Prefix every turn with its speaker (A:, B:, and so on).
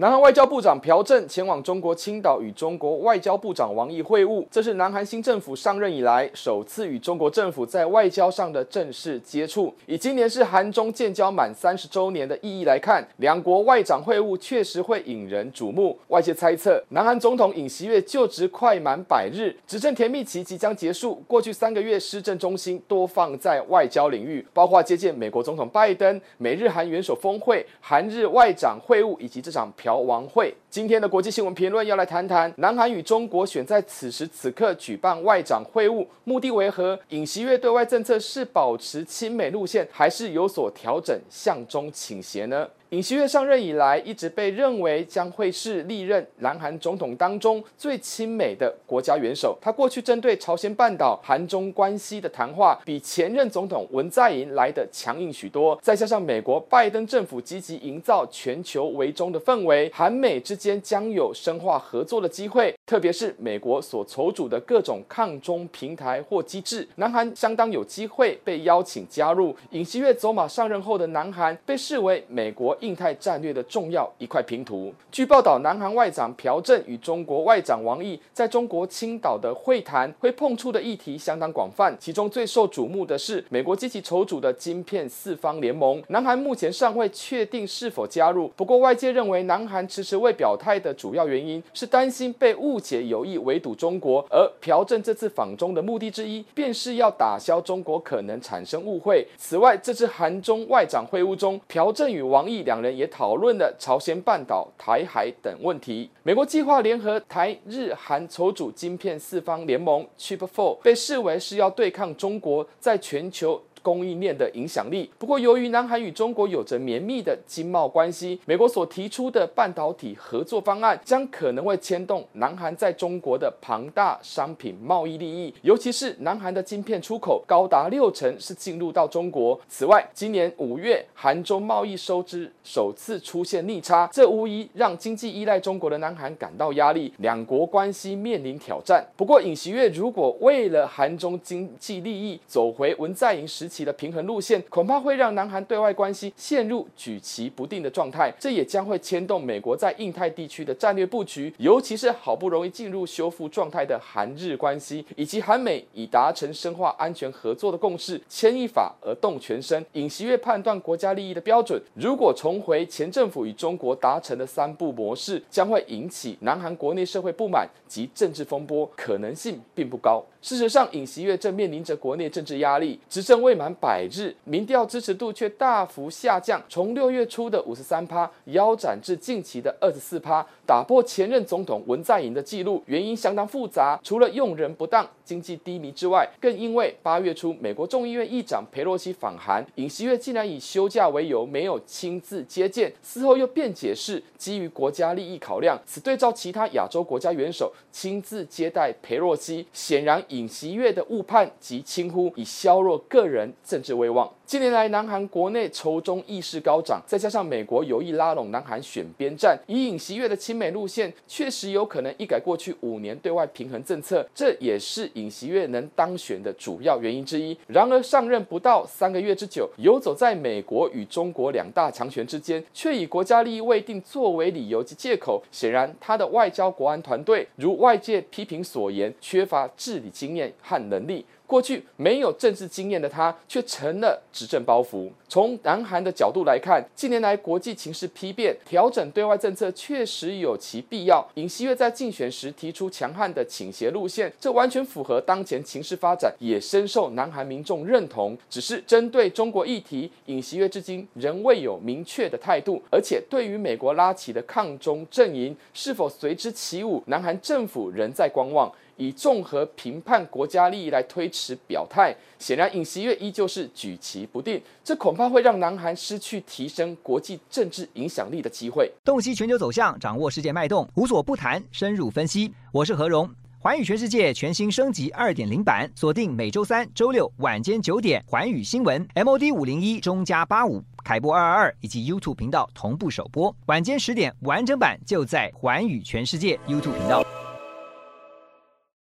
A: 南韓外交部長朴振前往中國青島，與中國外交部長王毅會晤，這是南韓新政府上任以來首次與中國政府在外交上的正式接觸。以今年是韓中建交滿三十週年的意義來看，兩國外長會晤確實會引人矚目。外界猜測，南韓總統尹錫悅就職快滿百日，執政甜蜜期即將結束，過去三個月施政中心多放在外交領域，包括接見美國總統拜登、美日韓元首峰會、韓日外長會晤以及這場朴。王會今天的國際新聞評論要來談談，南韓與中國選在此時此刻舉辦外長會晤，目的為何？尹錫悅對外政策是保持親美路線，還是有所調整，向中傾斜呢？尹錫悅上任以來，一直被認為將會是歷任南韓總統當中最親美的國家元首。他過去針對朝鮮半島、韓中關係的談話，比前任總統文在寅來得強硬許多。再加上美國拜登政府積極營造全球圍中的氛圍，韓美之間將有深化合作的機會，特別是美國所籌組的各種抗中平台或機制，南韓相當有機會被邀請加入。尹錫悅走馬上任後的南韓，被視為美國。印太戰略的重要一塊拼圖。據報道，南韓外長朴振與中國外長王毅在中國青島的會談，會碰觸的議題相當廣泛，其中最受矚目的是美國積極籌組的晶片四方聯盟，南韓目前尚未確定是否加入。不過，外界認為南韓遲遲未表態的主要原因是擔心被誤解有意圍堵中國，而朴振這次訪中的目的之一，便是要打消中國可能產生誤會。此外，這次韓中外長會晤中，朴振與王毅。兩人也討論了朝鮮半島、台海等問題。美國計劃聯合台、日、韓籌組晶片四方聯盟 c h e a p Four），被視為是要對抗中國在全球供應鏈的影響力。不過，由於南韓與中國有着綿密的經貿關係，美國所提出的半導體合作方案將可能會牽動南韓在中國的龐大商品貿易利益，尤其是南韓的晶片出口高達六成是進入到中國。此外，今年五月韓中貿易收支首次出現逆差，這無疑讓經濟依賴中國的南韓感到壓力，兩國關係面臨挑戰。不過，尹錫悅如果為了韓中經濟利益走回文在寅時。其的平衡路線恐怕會讓南韓對外關係陷入舉棋不定的狀態，這也將會牽動美國在印太地區的戰略布局，尤其是好不容易進入修復狀態的韓日關係，以及韓美已達成深化安全合作的共識，牽一髮而動全身。尹錫悅判斷國家利益的標準，如果重回前政府與中國達成的三步模式，將會引起南韓國內社會不滿及政治風波，可能性並不高。事實上，尹錫悅正面臨着國內政治壓力，執政未。滿百日，民調支持度卻大幅下降，從六月初的五十三趴腰斬至近期的二十四趴，打破前任總統文在寅的紀錄。原因相當複雜，除了用人不當、經濟低迷之外，更因為八月初美國眾議院議長裴洛西訪韓，尹錫悅竟然以休假為由沒有親自接見，事後又辯解是基於國家利益考量。此對照其他亞洲國家元首親自接待裴洛西，顯然尹錫悅的誤判及輕忽已削弱個人。政治威望。近年來，南韓國內仇中意識高漲，再加上美國有意拉攏南韓選邊站，以尹錫悅的親美路線，確實有可能一改過去五年對外平衡政策，這也是尹錫悅能當選的主要原因之一。然而，上任不到三個月之久，游走在美國與中國兩大強權之間，卻以國家利益未定作為理由及借口。顯然，他的外交國安團隊，如外界批評所言，缺乏治理經驗和能力。過去沒有政治經驗的他，卻成了執政包袱。從南韓的角度來看，近年來國際情勢丕變，調整對外政策確實有其必要。尹錫悅在競選時提出強悍的傾斜路線，這完全符合當前情勢發展，也深受南韓民眾認同。只是針對中國議題，尹錫悅至今仍未有明確的態度，而且對於美國拉起的抗中陣營是否隨之起舞，南韓政府仍在觀望。以綜合評判國家利益來推遲表態，顯然尹錫悅依舊是舉棋不定，這恐怕會讓南韓失去提升國際政治影響力的機會。洞悉全球走向，掌握世界脈動，無所不談，深入分析。我是何榮，寰宇全世界全新升級二點零版，鎖定每週三、週六晚間九點，寰宇新聞 MOD 五零一中加八五凱播二二二以及 YouTube 頻道同步首播，晚間十點完整版就在寰宇全世界 YouTube 頻道。